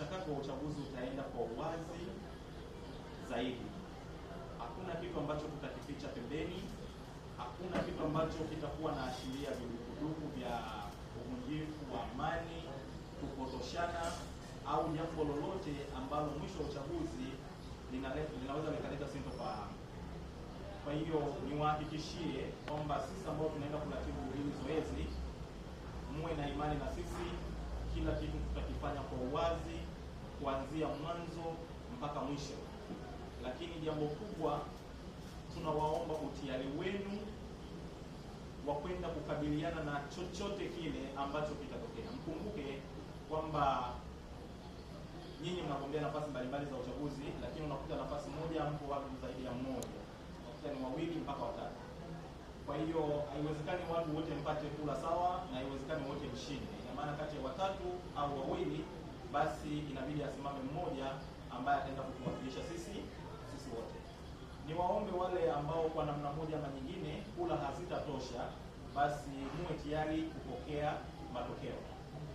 mchakato wa uchaguzi utaenda kwa uwazi zaidi. Hakuna kitu ambacho tutakificha pembeni, hakuna kitu ambacho kitakuwa na ashiria vidukuduku vya uvunjifu wa amani, kupotoshana au jambo lolote ambalo mwisho wa uchaguzi linaweza likaleta sintofahamu. Kwa hiyo niwahakikishie kwamba sisi ambao tunaenda kuratibu hili zoezi, muwe na imani na sisi, kila kitu tutakifanya kwa uwazi kuanzia mwanzo mpaka mwisho. Lakini jambo kubwa, tunawaomba utiari wenu wa kwenda kukabiliana na chochote kile ambacho kitatokea. Mkumbuke kwamba nyinyi mnagombea nafasi mbalimbali za uchaguzi, lakini unakuta nafasi moja mpo watu zaidi ya mmoja, unakuta ni wawili mpaka watatu. Kwa hiyo haiwezekani watu wote mpate kula sawa na haiwezekani wote mshinde. Ina maana kati ya watatu au wawili basi inabidi asimame mmoja ambaye ataenda kutuwakilisha sisi sisi wote. Ni waombe wale ambao kwa namna moja ama nyingine kula hazitatosha, basi muwe tayari kupokea matokeo.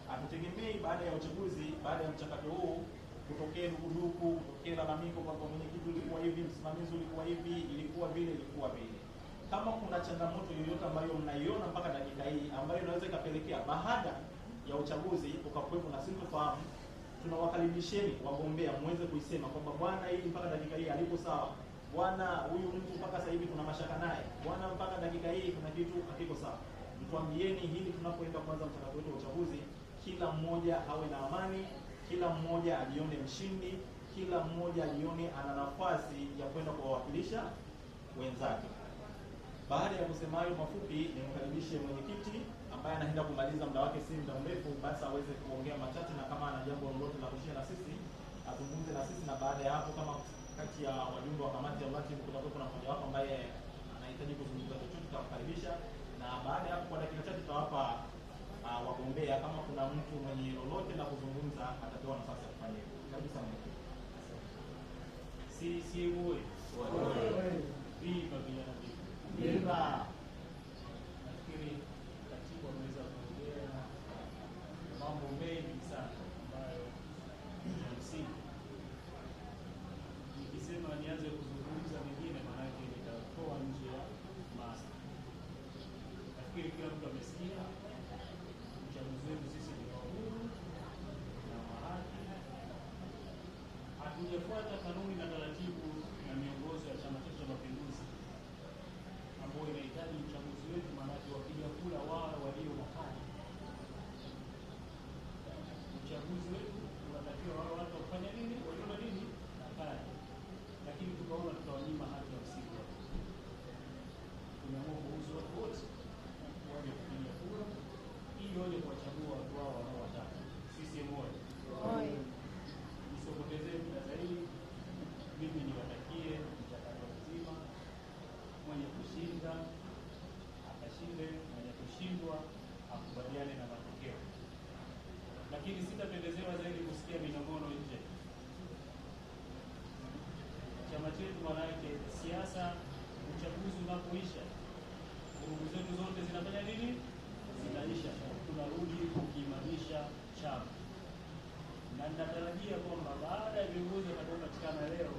Hatutegemei baada ya uchaguzi, baada ya mchakato huu kutokee dukuduku, kutokee lalamiko kwamba mwenyekiti ulikuwa hivi, msimamizi ulikuwa hivi, ilikuwa vile, ilikuwa vile. Kama kuna changamoto yoyote ambayo mnaiona mpaka dakika hii ambayo inaweza ikapelekea baada ya uchaguzi ukakuwepo na sintofahamu tunawakaribisheni wagombea muweze kuisema kwamba bwana, hili mpaka dakika hii alipo sawa, bwana, huyu mtu mpaka sasa hivi tuna mashaka naye, bwana, mpaka dakika hii kuna kitu hakiko sawa. Mtuambieni hili tunapoenda kwanza mchakato wetu wa uchaguzi, kila mmoja awe na amani, kila mmoja ajione mshindi, kila mmoja ajione ana nafasi ya kwenda kuwawakilisha wenzake. Baada ya kusema hayo mafupi, nimkaribishe mwenyekiti ambaye anaenda kumaliza muda wake si muda mrefu, basi aweze kuongea machache, na kama ana jambo lolote la kushia na sisi azungumze na sisi, na baada ya hapo, kama kati ya wajumbe wa kamati ya uratibu kutakuwa na mmoja wapo ambaye anahitaji kuzungumza chochote, tutamkaribisha, na baada ya hapo, kwa dakika chache tutawapa uh, wagombea. Kama kuna mtu mwenye lolote la kuzungumza, atapewa nafasi ya kufanya hivyo. Karibu sana mwenyekiti. Si si wewe. Wewe. kwa vijana. Viva. Nafikiri katibu ameweza kuongea mambo mengi sana ambayo ya msingi. Nikisema nianze kuzungumza mengine, maanake nitatoa nje ya masa. Nafikiri kila mtu amesikia uchaguzi wetu sisi ni wa huru na wa haki, hatujafata kanuni na chetu, manake siasa, uchaguzi unapoisha vurugu zetu zote zinafanya nini? Zinaisha, tunarudi kukiimarisha chama, na ninatarajia kwamba baada ya viongozi watakaopatikana leo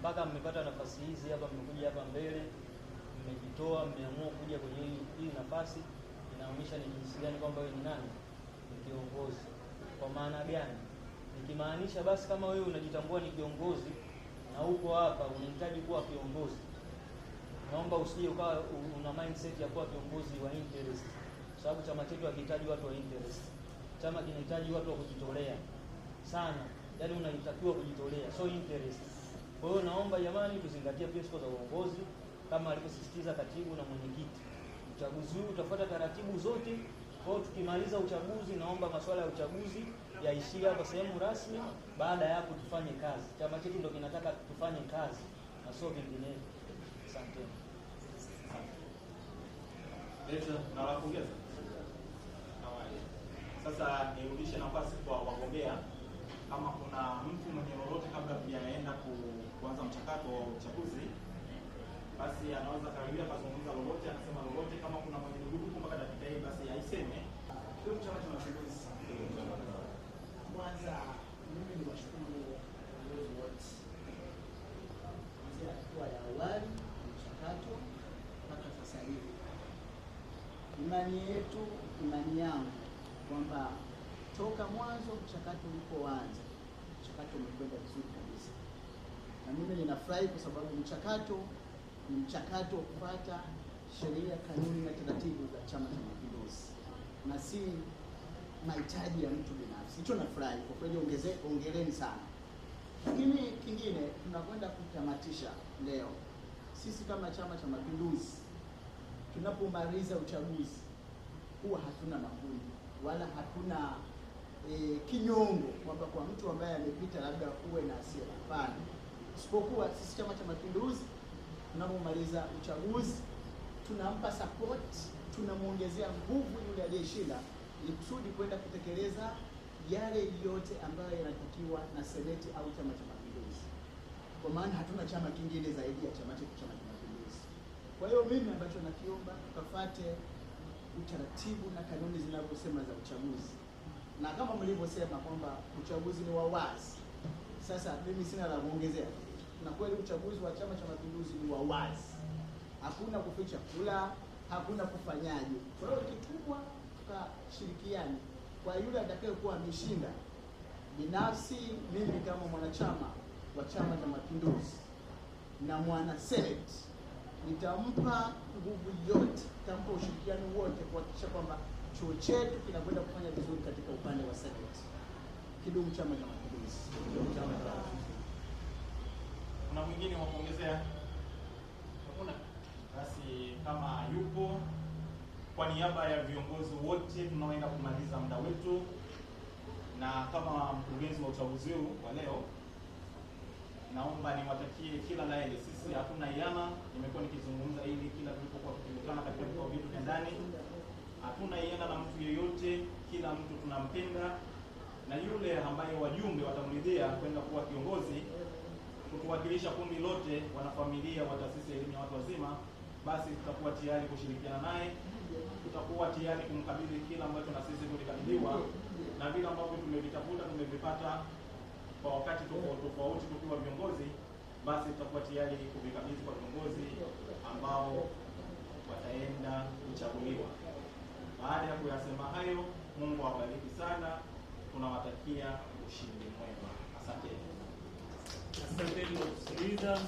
mpaka mmepata nafasi hizi hapa, mmekuja hapa mbele, mmejitoa, mmeamua kuja kwenye hii nafasi, inaonyesha ni jinsi gani kwamba wewe ni nani, ni kiongozi. Kwa maana gani? Nikimaanisha basi, kama wewe unajitambua ni kiongozi na uko hapa unahitaji kuwa kiongozi, naomba usije ukawa una mindset ya kuwa kiongozi wa interest, kwa sababu chama chetu hakihitaji watu wa interest. Chama kinahitaji watu wa kujitolea sana, yaani unatakiwa kujitolea, so interest kwa hiyo naomba jamani, tuzingatie principles za uongozi kama alivyosisitiza katibu na mwenyekiti. Uchaguzi huu utafuata taratibu zote. Kwa hiyo tukimaliza uchaguzi, naomba masuala ya uchaguzi yaishie hapa sehemu rasmi. Baada ya hapo, tufanye kazi. Chama chetu ndio kinataka tufanye kazi na sio vinginevyo. Asante. Sasa nirudishe nafasi kwa wagombea kama kuna mtu mwenye lolote kabla tujaenda kuanza mchakato wa uchaguzi, basi anaweza karibia akazungumza lolote, akasema lolote. Kama kuna mwenye dudu mpaka dakika hii, basi aiseme. Hiyo Chama cha Mapinduzi, kwanza mimi ni washukuru viongozi wote kuanzia hatua ya awali mchakato mpaka sasa hivi. Imani yetu, imani yangu kwamba toka mwanzo mchakato ulipoanza, mchakato umekwenda vizuri kabisa, na mimi ninafurahi kwa sababu mchakato ni mchakato wa kupata sheria, kanuni na taratibu za Chama cha Mapinduzi na si mahitaji ya mtu binafsi. Hicho nafurahi kwa kweli, ongeleni sana. Lakini kingine tunakwenda kutamatisha leo, sisi kama Chama cha Mapinduzi tunapomaliza uchaguzi huwa hatuna makundi wala hatuna e, kinyongo kwamba kwa mtu ambaye amepita labda kuwe na hasira, hapana. Isipokuwa sisi Chama cha Mapinduzi tunapomaliza uchaguzi tunampa support, tunamwongezea nguvu yule aliyeshinda ili kusudi kwenda kutekeleza yale yote ambayo yanatakiwa na seneti au Chama cha Mapinduzi, kwa maana hatuna chama kingine zaidi ya chama chetu Chama cha Mapinduzi. Kwa hiyo mimi ambacho nakiomba, tukafate utaratibu na kanuni zinavyosema za uchaguzi na kama mlivyosema kwamba uchaguzi ni wa wazi. Sasa mimi sina la kuongezea, na kweli uchaguzi wa Chama cha Mapinduzi ni wa wazi, hakuna kuficha kula, hakuna kufanyaje. Kwa hiyo kikubwa tukashirikiani kwa yule atakayekuwa ameshinda. Binafsi mimi kama mwanachama wa Chama cha Mapinduzi na mwana Senate nitampa nguvu yote, nitampa ushirikiano wote kuhakikisha kwamba chuo chetu kinakwenda kufanya vizuri katika upande wa sekta. Kidumu Chama cha Mapinduzi! Kuna mwingine wa kuongezea? Hakuna? Basi kama yupo, kwa niaba ya viongozi wote tunaoenda kumaliza muda wetu na kama mkurugenzi wa uchaguzi huu wa leo, naomba niwatakie kila la heri. Sisi hatuna iama, nimekuwa nikizungumza hili kila tulipokuwa tukikutana katika vikao vyetu vya ndani hakuna ienda na mtu yeyote, kila mtu tunampenda, na yule ambaye wajumbe watamridhia kwenda kuwa kiongozi kutuwakilisha kundi lote wanafamilia wa taasisi ya elimu ya watu wazima, basi tutakuwa tayari kushirikiana naye, tutakuwa tayari kumkabidhi kila ambacho na sisi tulikabidhiwa na vile ambavyo tumevitafuta tumevipata kwa wakati tofauti tofauti tukiwa viongozi, basi tutakuwa tayari kuvikabidhi kwa viongozi ambao wataenda kuchaguliwa. Baada ya kuyasema hayo, Mungu awabariki sana, tunawatakia ushindi mwema. Asanteni, asanteni kwa kusikiliza.